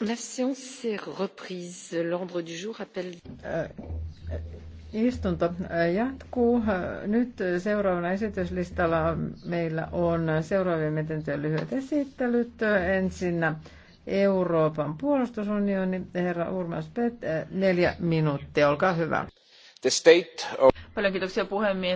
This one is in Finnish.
La séance est reprise. L'ordre du jour appelle... Äh, istunto äh, jatkuu. Äh, nyt seuraavana esityslistalla meillä on seuraavien mietintöjen lyhyet esittelyt. Ensinnä Euroopan puolustusunioni. Herra Urmas Pet, neljä minuuttia, olkaa hyvä. The state of... Paljon kiitoksia puhemies.